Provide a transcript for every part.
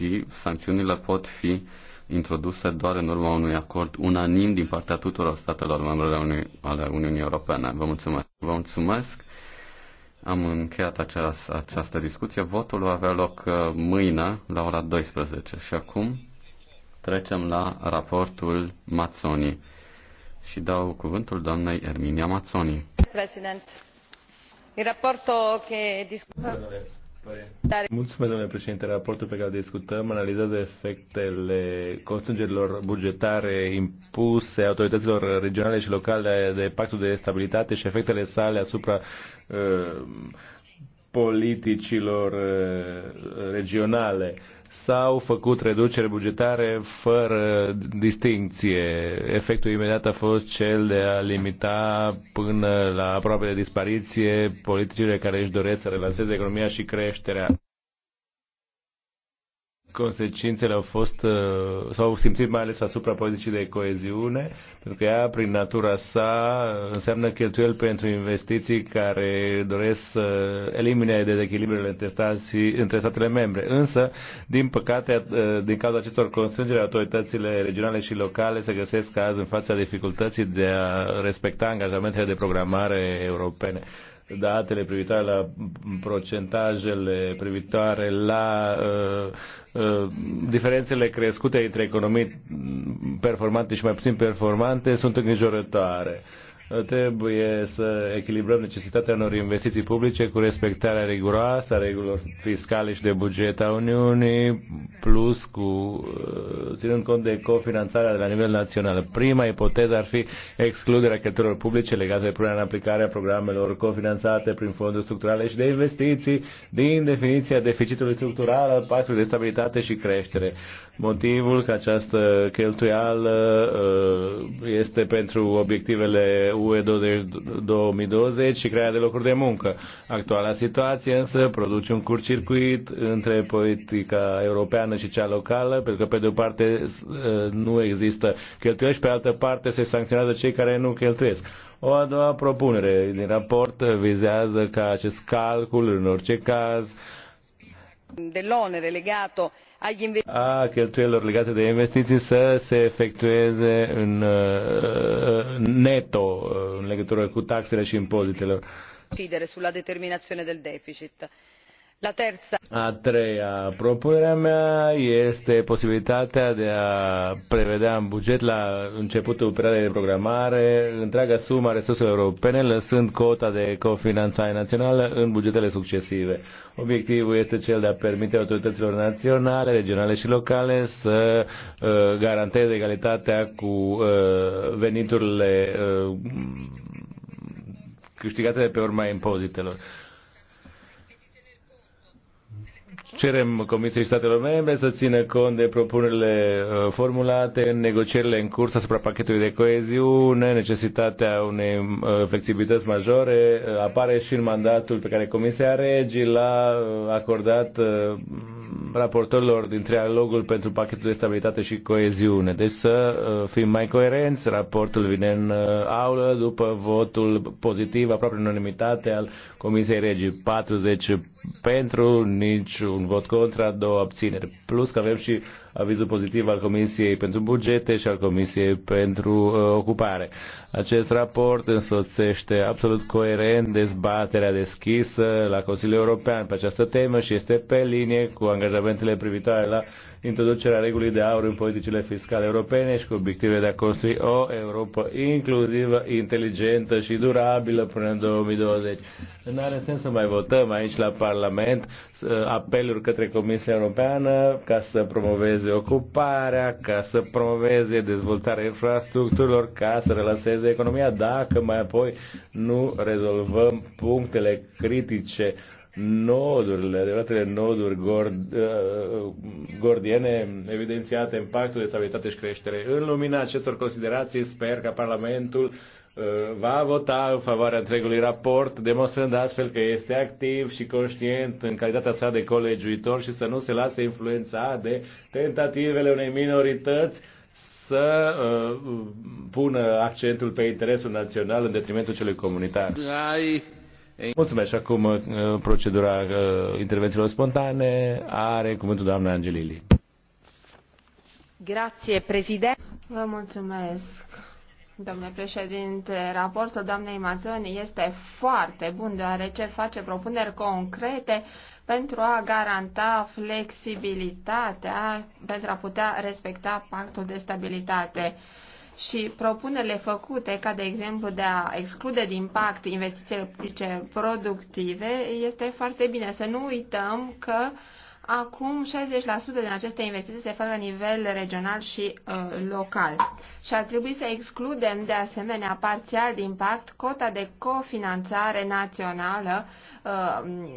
și sancțiunile pot fi introduse doar în urma unui acord unanim din partea tuturor statelor membre ale, Uni- ale Uniunii Europene. Vă mulțumesc. Vă mulțumesc. Am încheiat aceas, această discuție. Votul va avea loc uh, mâine la ora 12 și acum trecem la raportul Mazzoni și dau cuvântul doamnei Erminia Mazzoni. Președinte, raportul care discutăm. Mulțumesc, domnule președinte. Raportul pe care discutăm analizează efectele constrângerilor bugetare impuse autorităților regionale și locale de pactul de stabilitate și efectele sale asupra uh, politicilor eh, regionale. S-au făcut reduceri bugetare fără distinție. Efectul imediat a fost cel de a limita până la aproape de dispariție politicile care își doresc să relanseze economia și creșterea consecințele au fost, uh, s-au simțit mai ales asupra politicii de coeziune, pentru că ea, prin natura sa, înseamnă cheltuieli pentru investiții care doresc să elimine dezechilibrele între statele membre. Însă, din păcate, uh, din cauza acestor constrângeri, autoritățile regionale și locale se găsesc azi în fața dificultății de a respecta angajamentele de programare europene datele privitoare la procentajele privitoare la uh, uh, diferențele crescute între economii performante și mai puțin performante sunt îngrijorătoare. Uh, trebuie să echilibrăm necesitatea unor investiții publice cu respectarea riguroasă a regulilor fiscale și de buget a Uniunii, plus cu uh, ținând cont de cofinanțarea de la nivel național. Prima ipoteză ar fi excluderea cheltuielor publice legate de punerea în aplicare a programelor cofinanțate prin fonduri structurale și de investiții din definiția deficitului structural al pactului de stabilitate și creștere. Motivul că această cheltuială uh, este pentru obiectivele UE 2020 și crearea de locuri de muncă. Actuala situație însă produce un curt circuit între politica europeană și cea locală, pentru că pe de o parte ă, nu există cheltuieli și pe altă parte se sancționează cei care nu cheltuiesc. O a doua propunere din raport vizează ca acest calcul, în orice caz, uh, dell'onere legato agli investimenti. a cheltuielor legate de investiții să se efectueze în uh, uh, netto uh, în legătură cu taxele și impozitele. decidere sulla determinazione del deficit. La terza. A treia propunerea mea este posibilitatea de a prevedea în buget la începutul perioadei de programare întreaga sumă a resurselor europene, lăsând cota de cofinanțare națională în bugetele succesive. Obiectivul este cel de a permite autorităților naționale, regionale și locale să uh, garanteze egalitatea cu uh, veniturile uh, câștigate de pe urma impozitelor. Uh, cerem Comisiei Statelor Membre să țină cont de propunerile uh, formulate în negocierile în curs asupra pachetului de coeziune, necesitatea unei uh, flexibilități majore, uh, apare și în mandatul pe care Comisia Regii l-a acordat raportorilor din trialogul pentru pachetul de stabilitate și coeziune. Deci să uh, fim mai coerenți, raportul vine în uh, aulă după votul pozitiv, aproape în unanimitate, al Comisiei Regii 40 pentru, niciun vot contra, două abțineri. Plus că avem și avizul pozitiv al Comisiei pentru Bugete și al Comisiei pentru uh, Ocupare. Acest raport însoțește absolut coerent dezbaterea deschisă la Consiliul European pe această temă și este pe linie cu angajamentele privitoare la introducerea regulii de aur în politicile fiscale europene și cu obiective de a construi o Europa inclusivă, inteligentă și durabilă până în 2020. Nu are sens să mai votăm aici la Parlament uh, apeluri către Comisia Europeană ca să promoveze ocuparea, ca să promoveze dezvoltarea infrastructurilor, ca să relanseze economia, dacă mai apoi nu rezolvăm punctele critice nodurile, adevăratele noduri gord, uh, gordiene evidențiate în pactul de stabilitate și creștere. În lumina acestor considerații sper că Parlamentul uh, va vota în favoarea întregului raport, demonstrând astfel că este activ și conștient în calitatea sa de colegiuitor și să nu se lase influența de tentativele unei minorități să uh, pună accentul pe interesul național în detrimentul celui comunitar. Ai Mulțumesc. Acum uh, procedura uh, intervențiilor spontane are cuvântul doamna Angelili. Grație, președinte. Vă mulțumesc. Domnule președinte, raportul doamnei Mazzoni este foarte bun, deoarece face propuneri concrete pentru a garanta flexibilitatea, pentru a putea respecta pactul de stabilitate și propunerile făcute, ca de exemplu de a exclude din pact investițiile publice productive, este foarte bine. Să nu uităm că acum 60% din aceste investiții se fac la nivel regional și uh, local. Și ar trebui să excludem de asemenea parțial din pact cota de cofinanțare națională uh,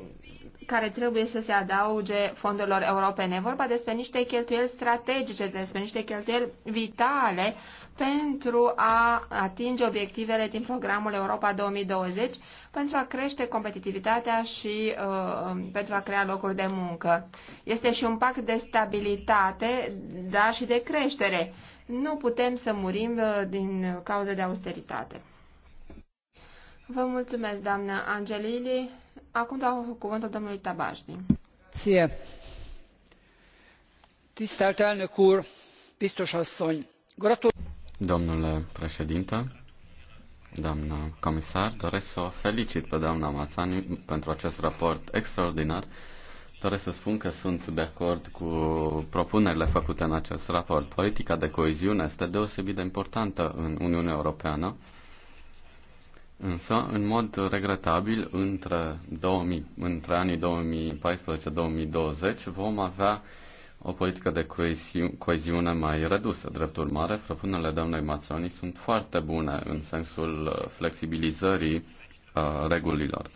care trebuie să se adauge fondurilor europene. Vorba despre niște cheltuieli strategice, despre niște cheltuieli vitale pentru a atinge obiectivele din programul Europa 2020, pentru a crește competitivitatea și uh, pentru a crea locuri de muncă. Este și un pact de stabilitate, dar și de creștere. Nu putem să murim uh, din cauza de austeritate. Vă mulțumesc, doamnă Angelili. Acum dau cuvântul domnului Tabajdi. Ție. Tisztelt elnök úr, biztos asszony, gratul... Domnule președinte, doamnă comisar, doresc să o felicit pe doamna Mațani pentru acest raport extraordinar. Doresc să spun că sunt de acord cu propunerile făcute în acest raport. Politica de coeziune este deosebit de importantă în Uniunea Europeană Însă, în mod regretabil, între, 2000, între anii 2014-2020 vom avea o politică de coeziune mai redusă. Drept urmare, propunerile doamnei Mazzoni sunt foarte bune în sensul uh, flexibilizării uh, regulilor.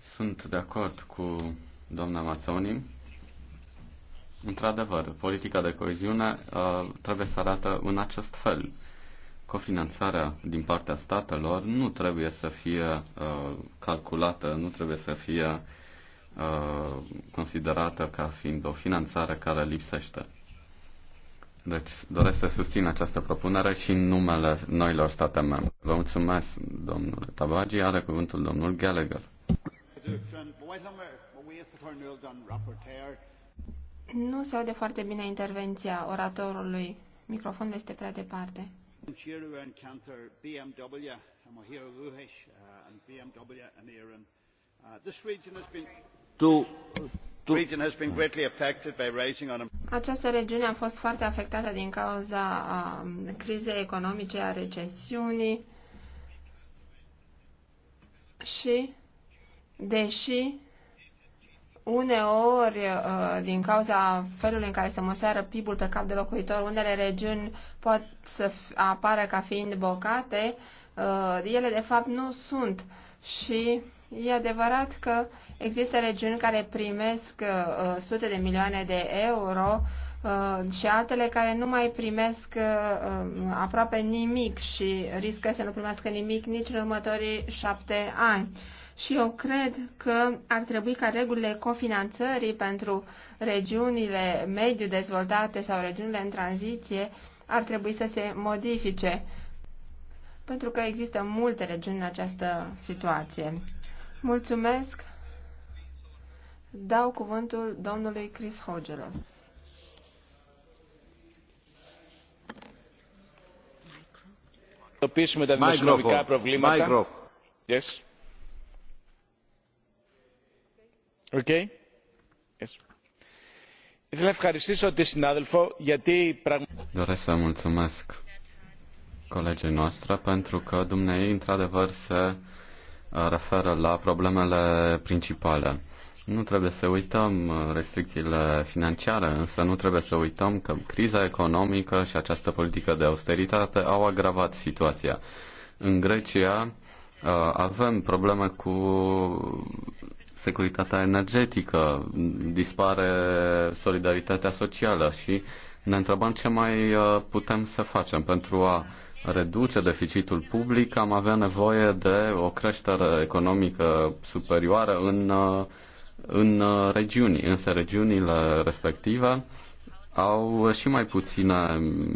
Sunt de acord cu doamna Mazzoni. Într-adevăr, politica de coeziune uh, trebuie să arată în acest fel cofinanțarea din partea statelor nu trebuie să fie uh, calculată, nu trebuie să fie uh, considerată ca fiind o finanțare care lipsește. Deci doresc să susțin această propunere și în numele noilor state membre. Vă mulțumesc, domnule Tabagi. Are cuvântul domnul Gallagher. Nu se aude foarte bine intervenția oratorului. Microfonul este prea departe. BMW uh, uh, This region has been to Această regiune a fost foarte afectată din cauza um, crizei economice, a recesiunii și, deși uneori, uh, din cauza felului în care se măsoară PIB-ul pe cap de locuitor, unele regiuni pot să apară ca fiind bocate, uh, ele de fapt nu sunt. Și e adevărat că există regiuni care primesc uh, sute de milioane de euro și altele care nu mai primesc aproape nimic și riscă să nu primească nimic nici în următorii șapte ani și eu cred că ar trebui ca regulile cofinanțării pentru regiunile mediu dezvoltate sau regiunile în tranziție ar trebui să se modifice, pentru că există multe regiuni în această situație. Mulțumesc! Dau cuvântul domnului Chris Hogelos. Microfon. Microfon. Yes. Doresc să mulțumesc colegii noastre pentru că dumnei într-adevăr se uh, referă la problemele principale. Nu trebuie să uităm uh, restricțiile financiare, însă nu trebuie să uităm că criza economică și această politică de austeritate au agravat situația. În Grecia uh, avem probleme cu securitatea energetică, dispare solidaritatea socială și ne întrebăm ce mai uh, putem să facem pentru a reduce deficitul public, am avea nevoie de o creștere economică superioară în, uh, în uh, regiuni, însă regiunile respective au și mai puține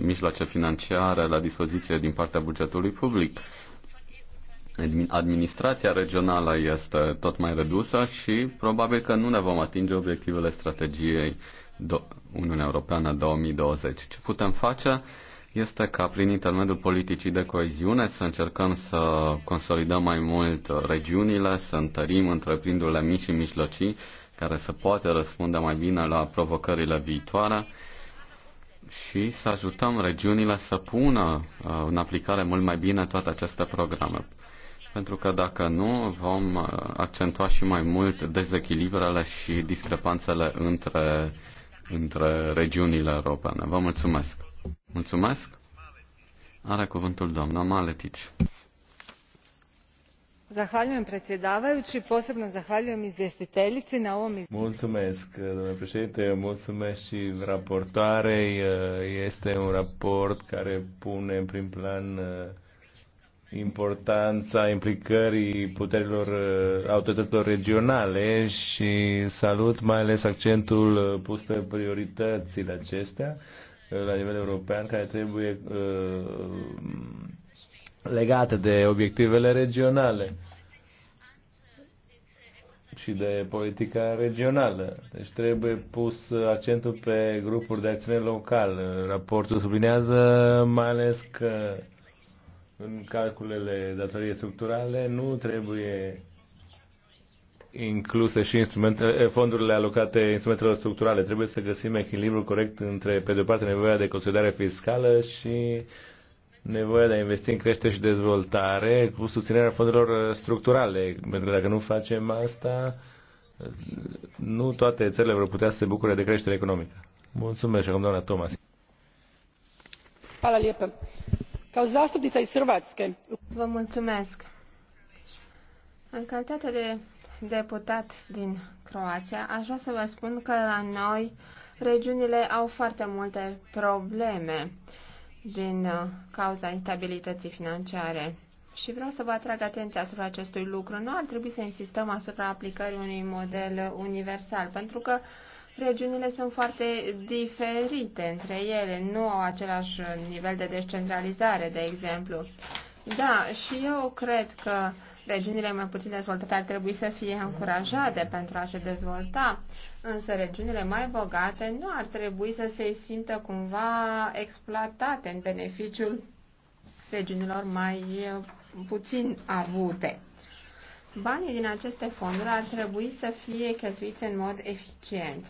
mijloace financiare la dispoziție din partea bugetului public administrația regională este tot mai redusă și probabil că nu ne vom atinge obiectivele strategiei Uniunea Europeană 2020. Ce putem face este ca prin intermediul politicii de coeziune să încercăm să consolidăm mai mult regiunile, să întărim întreprindurile mici și mijlocii care să poată răspunde mai bine la provocările viitoare și să ajutăm regiunile să pună uh, în aplicare mult mai bine toate aceste programe pentru că dacă nu, vom uh, accentua și mai mult dezechilibrele și discrepanțele între, între regiunile europene. Vă mulțumesc! Mulțumesc! Are cuvântul doamna Maletici. Zahvaljujem predsjedavajući, posebno zahvaljujem izvjestiteljici na ovom Mulțumesc, domnule președinte, mulțumesc și raportoarei. Este un raport care pune în prim plan uh, importanța implicării puterilor uh, autorităților regionale și salut mai ales accentul uh, pus pe prioritățile acestea uh, la nivel european care trebuie legate de obiectivele regionale și de politica regională. Deci trebuie pus accentul pe grupuri de acțiune locală. Raportul sublinează mai ales că în calculele datoriei structurale nu trebuie incluse și fondurile alocate instrumentelor structurale. Trebuie să găsim echilibrul corect între, pe de o parte, nevoia de consolidare fiscală și nevoia de a investi în creștere și dezvoltare cu susținerea fondurilor uh, structurale. Pentru că dacă nu facem asta, nu toate țările vor putea să se bucure de creștere economică. Mulțumesc, acum doamna Thomas. Hvala lijepa kao zastupnica iz hrvatske în calitate de deputat din croația aș vrea să vă spun că la noi regiunile au foarte multe probleme din uh, cauza instabilității financiare și vreau să vă atrag atenția asupra acestui lucru. Nu ar trebui să insistăm asupra aplicării unui model universal, pentru că uh, regiunile sunt foarte diferite între ele, nu au același nivel de descentralizare, de exemplu. Da, și eu cred că regiunile mai puțin dezvoltate ar trebui să fie încurajate pentru a se dezvolta, însă regiunile mai bogate nu ar trebui să se simtă cumva exploatate în beneficiul regiunilor mai puțin avute. Banii din aceste fonduri ar trebui să fie cheltuiți în mod eficient.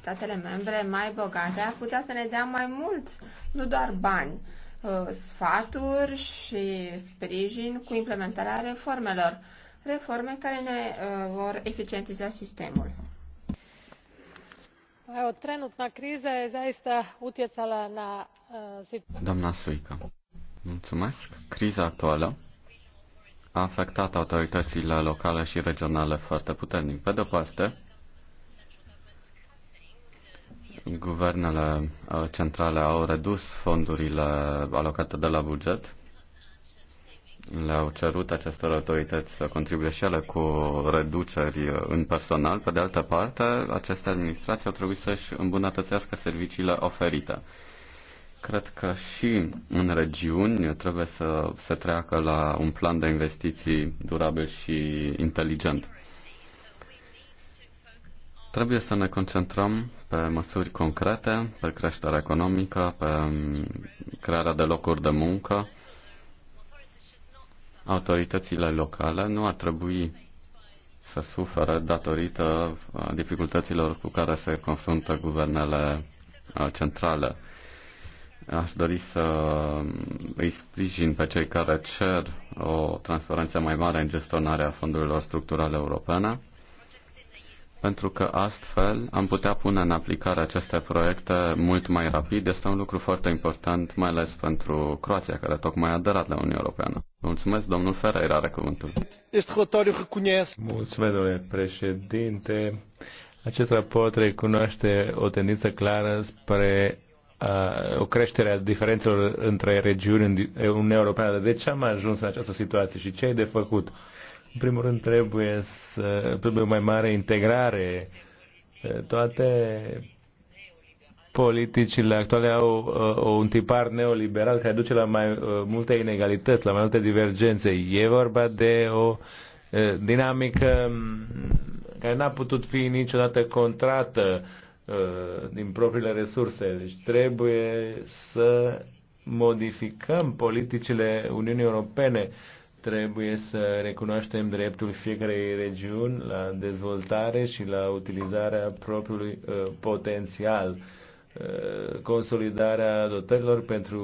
Statele membre mai bogate ar putea să ne dea mai mult, nu doar bani, uh, sfaturi și sprijin cu implementarea reformelor, reforme care ne uh, vor eficientiza sistemul. Evo, trenutna kriza je zaista utjecala na... Uh, Doamna Suica, mulțumesc. Criza actuală a afectat autoritățile locale și regionale foarte puternic. Pe de o parte, guvernele uh, centrale au redus fondurile alocate de la buget, le-au cerut acestor autorități să contribuie și ele cu reduceri în personal. Pe de altă parte, aceste administrații au trebuit să-și îmbunătățească serviciile oferite. Cred că și în regiuni trebuie să se treacă la un plan de investiții durabil și inteligent. Trebuie să ne concentrăm pe măsuri concrete, pe creșterea economică, pe crearea de locuri de muncă. Autoritățile locale nu ar trebui să sufere datorită uh, dificultăților cu care se confruntă guvernele uh, centrale. Aș dori să îi sprijin pe cei care cer o transparență mai mare în gestionarea fondurilor structurale europene, pentru că astfel am putea pune în aplicare aceste proiecte mult mai rapid. Este un lucru foarte important, mai ales pentru Croația, care tocmai a aderat la Uniunea Europeană. Mulțumesc, domnul Ferreira are cuvântul. Mulțumesc, domnule președinte. Acest raport recunoaște o tendință clară spre Uh, o creștere a diferențelor între regiuni în Uniunea Europeană. De ce am ajuns în această situație și ce e de făcut? În primul rând trebuie să trebuie o mai mare integrare. Uh, toate politicile actuale uh, au un tipar neoliberal care duce la mai multe inegalități, la mai multe divergențe. E vorba de o dinamică mm, care n-a putut fi niciodată contrată Uh, din propriile resurse. Deci trebuie să modificăm politicile Uniunii Europene. Trebuie să recunoaștem dreptul fiecarei regiuni la dezvoltare și la utilizarea propriului uh, potențial, uh, consolidarea dotărilor pentru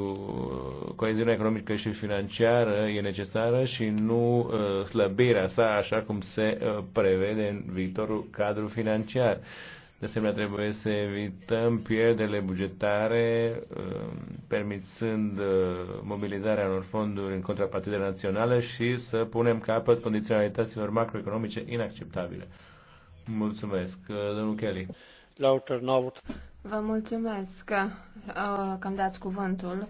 uh, coeziunea economică și financiară e necesară și nu uh, slăbirea sa așa cum se uh, prevede în viitorul cadru financiar. Uh, de asemenea, trebuie să evităm pierderile bugetare, um, permițând uh, mobilizarea unor fonduri în contrapartidele naționale și să punem capăt condiționalităților macroeconomice inacceptabile. Mulțumesc, uh, domnul Kelly. Vă mulțumesc uh, că îmi dați cuvântul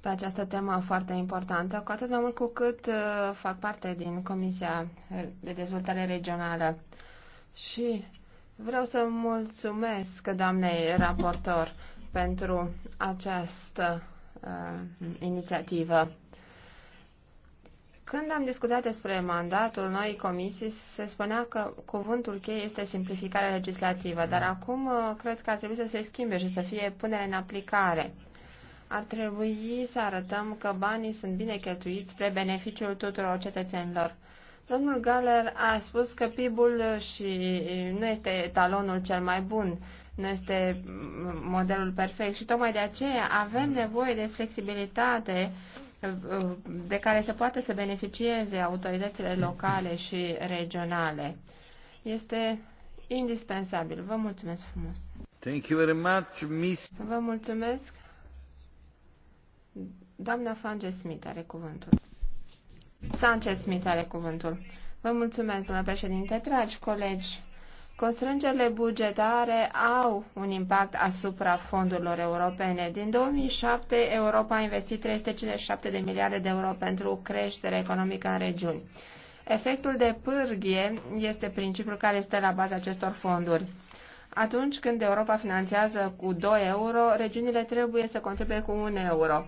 pe această temă foarte importantă, cu atât mai mult cu cât fac parte din Comisia de Dezvoltare Regională. Și Vreau să mulțumesc doamnei raportor pentru această uh, inițiativă. Când am discutat despre mandatul noii comisii, se spunea că cuvântul cheie este simplificarea legislativă, dar acum uh, cred că ar trebui să se schimbe și să fie punere în aplicare. Ar trebui să arătăm că banii sunt bine cheltuiți spre beneficiul tuturor cetățenilor. Domnul Galer a spus că PIB-ul și nu este etalonul cel mai bun, nu este modelul perfect și tocmai de aceea avem nevoie de flexibilitate de care se poate să beneficieze autoritățile locale și regionale. Este indispensabil. Vă mulțumesc frumos. Thank you very much, Miss. Vă mulțumesc. Doamna Fange Smith are cuvântul. Sanchez Smith are cuvântul. Vă mulțumesc, domnule președinte, dragi colegi. Constrângerile bugetare au un impact asupra fondurilor europene. Din 2007, Europa a investit 357 de miliarde de euro pentru creștere economică în regiuni. Efectul de pârghie este principiul care stă la baza acestor fonduri. Atunci când Europa finanțează cu 2 euro, regiunile trebuie să contribuie cu 1 euro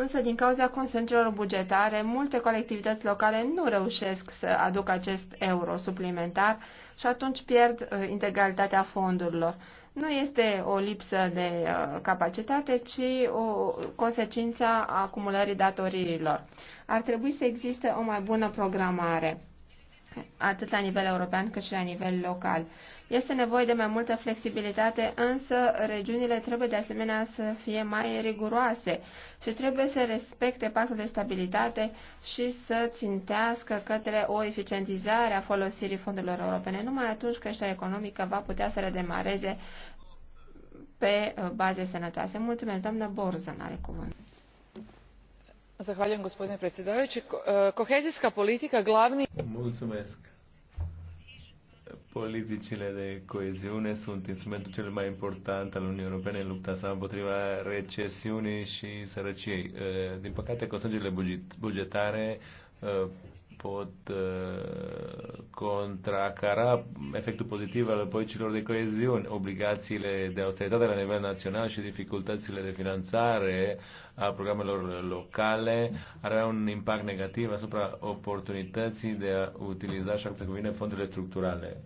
însă din cauza constrângerilor bugetare, multe colectivități locale nu reușesc să aducă acest euro suplimentar și atunci pierd uh, integralitatea fondurilor. Nu este o lipsă de uh, capacitate, ci o consecință a acumulării datoriilor. Ar trebui să existe o mai bună programare atât la nivel european cât și la nivel local. Este nevoie de mai multă flexibilitate, însă regiunile trebuie de asemenea să fie mai riguroase și trebuie să respecte pactul de stabilitate și să țintească către o eficientizare a folosirii fondurilor europene. Numai atunci creșterea economică va putea să redemareze pe uh, baze sănătoase. Mulțumesc, doamnă Borzan are cuvânt gospodine predsjedavajući kohezijska politika glavni. mulțumesc politicile de coeziune sunt instrumentul cel mai important al Uniunii Europene în lupta sa împotriva recesiunii și sărăciei. Din păcate, constrângerile bugetare pot uh, contracara efectul pozitiv al politicilor de coeziune, obligațiile de austeritate la nivel național și dificultățile de finanțare a programelor locale ar avea un impact negativ asupra oportunității de a utiliza, așa cum se cuvine, fondurile structurale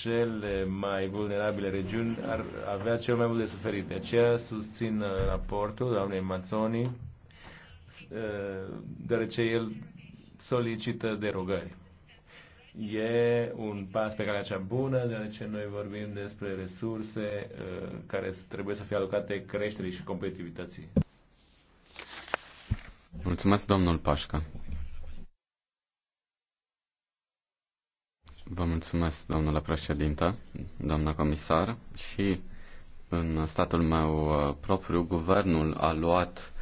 cele mai vulnerabile regiuni ar avea cel mai mult de suferit. De aceea susțin uh, raportul doamnei Mazzoni, uh, deoarece el solicită derogări. E un pas pe calea cea bună, deoarece noi vorbim despre resurse uh, care trebuie să fie alocate creșterii și competitivității. Mulțumesc, domnul Pașca. Vă mulțumesc, domnule președinte, doamna comisar. Și în statul meu uh, propriu, guvernul a luat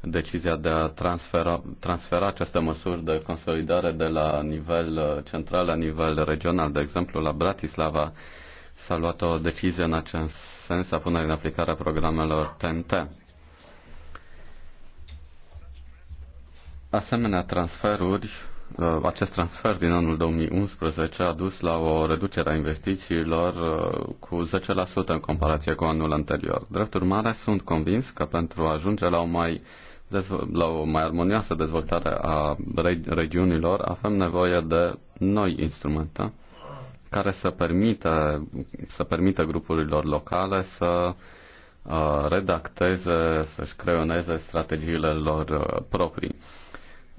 decizia de a transfera, transfera aceste măsuri de consolidare de la nivel uh, central la nivel regional. De exemplu, la Bratislava s-a luat o decizie în acest sens a punerii în aplicare a programelor TNT. Asemenea transferuri Uh, acest transfer din anul 2011 a dus la o reducere a investițiilor uh, cu 10% în comparație cu anul anterior. Drept urmare, sunt convins că pentru a ajunge la o mai, la o mai armonioasă dezvoltare a regiunilor avem nevoie de noi instrumente care să permită, să permită grupurilor locale să uh, redacteze, să-și creioneze strategiile lor proprii.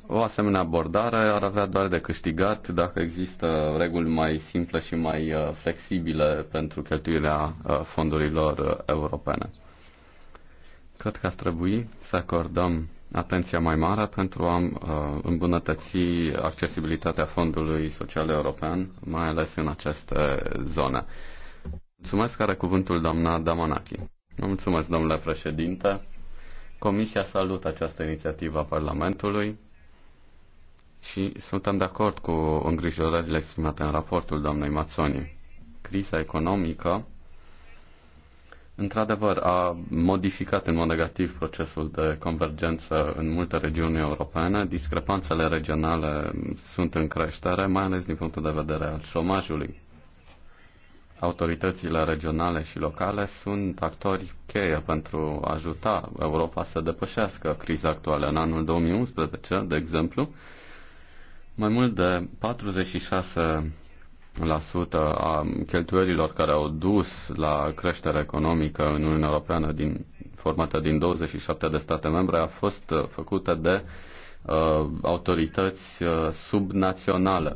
O asemenea abordare ar avea doar de câștigat dacă există reguli mai simple și mai uh, flexibile pentru cheltuirea uh, fondurilor uh, europene. Cred că ar trebui să acordăm atenția mai mare pentru a îmbunătăți accesibilitatea Fondului Social European, mai ales în aceste zone. Mulțumesc, are cuvântul doamna Damanaki. Mulțumesc, domnule președinte. Comisia salută această inițiativă a Parlamentului și suntem de acord cu îngrijorările exprimate în raportul doamnei Mazzoni. Criza economică, într-adevăr, a modificat în mod negativ procesul de convergență în multe regiuni europene. Discrepanțele regionale sunt în creștere, mai ales din punctul de vedere al șomajului. Autoritățile regionale și locale sunt actori cheie pentru a ajuta Europa să depășească criza actuală. În anul 2011, de exemplu, mai mult de 46% a cheltuielilor care au dus la creșterea economică în Uniunea Europeană din, formată din 27 de state membre a fost uh, făcută de uh, autorități uh, subnaționale,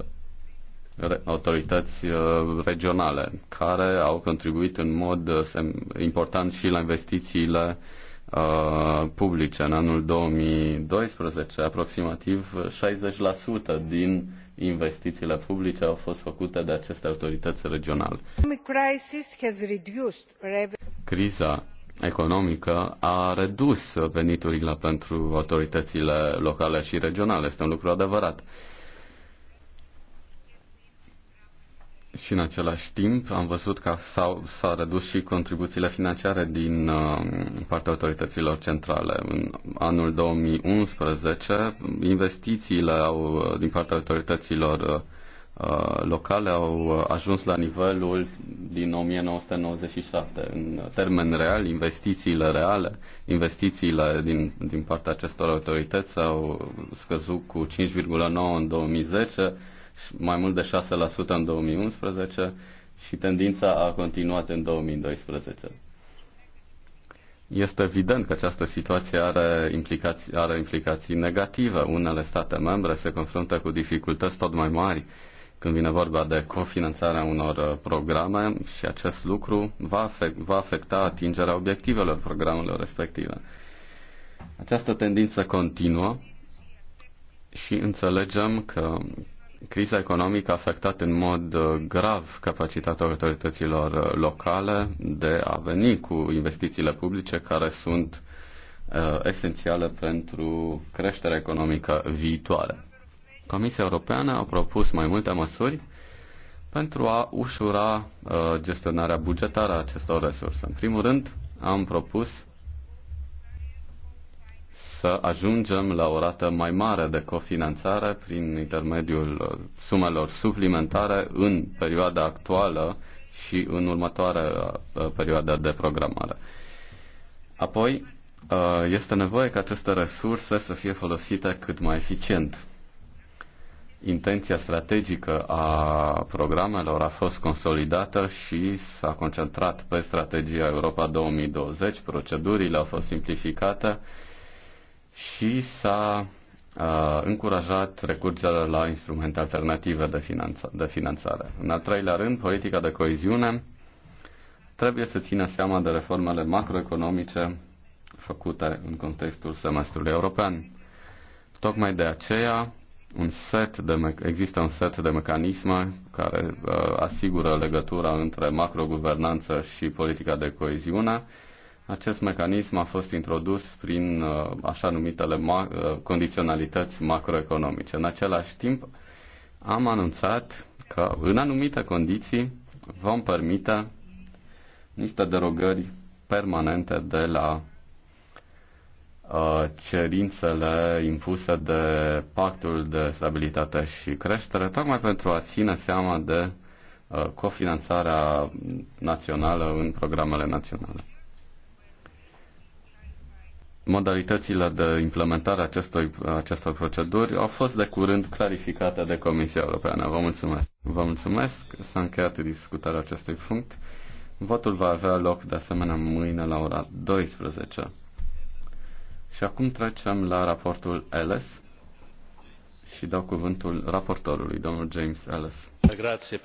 autorități uh, regionale, care au contribuit în mod uh, important și la investițiile Uh, publice. În anul 2012, aproximativ 60% din investițiile publice au fost făcute de aceste autorități regionale. Criza economică a redus veniturile pentru autoritățile locale și regionale. Este un lucru adevărat. și în același timp am văzut că s-au, s redus și contribuțiile financiare din um, partea autorităților centrale. În anul 2011, investițiile au, din partea autorităților uh, locale au ajuns la nivelul din 1997. În termen real, investițiile reale, investițiile din, din partea acestor autorități au scăzut cu 5,9 în 2010, mai mult de 6% în 2011 și tendința a continuat în 2012. Este evident că această situație are implicații, are implicații negative. Unele state membre se confruntă cu dificultăți tot mai mari când vine vorba de cofinanțarea unor uh, programe și acest lucru va, va afecta atingerea obiectivelor programelor respective. Această tendință continuă și înțelegem că Criza economică a afectat în mod uh, grav capacitatea autorităților uh, locale de a veni cu investițiile publice care sunt uh, esențiale pentru creșterea economică viitoare. Comisia Europeană a propus mai multe măsuri pentru a ușura uh, gestionarea bugetară a acestor resurse. În primul rând, am propus să ajungem la o rată mai mare de cofinanțare prin intermediul uh, sumelor suplimentare în perioada actuală și în următoarea uh, perioadă de programare. Apoi, uh, este nevoie ca aceste resurse să fie folosite cât mai eficient. Intenția strategică a programelor a fost consolidată și s-a concentrat pe strategia Europa 2020, procedurile au fost simplificate, și s-a uh, încurajat recurgerea la instrumente alternative de, finanța, de finanțare. În al treilea rând, politica de coeziune trebuie să țină seama de reformele macroeconomice făcute în contextul semestrului european. Tocmai de aceea un set de, există un set de mecanisme care uh, asigură legătura între macroguvernanță și politica de coeziune, acest mecanism a fost introdus prin uh, așa numitele ma- uh, condiționalități macroeconomice. În același timp, am anunțat că în anumite condiții vom permite niște derogări permanente de la uh, cerințele impuse de Pactul de Stabilitate și Creștere, tocmai pentru a ține seama de cofinanțarea națională în programele naționale. Modalitățile de implementare a acestor, acestor proceduri au fost de curând clarificate de Comisia Europeană. Vă mulțumesc. Vă mulțumesc. S-a încheiat discutarea acestui punct. Votul va avea loc de asemenea mâine la ora 12. Și acum trecem la raportul Ellis și dau cuvântul raportorului, domnul James Ellis. Grazie.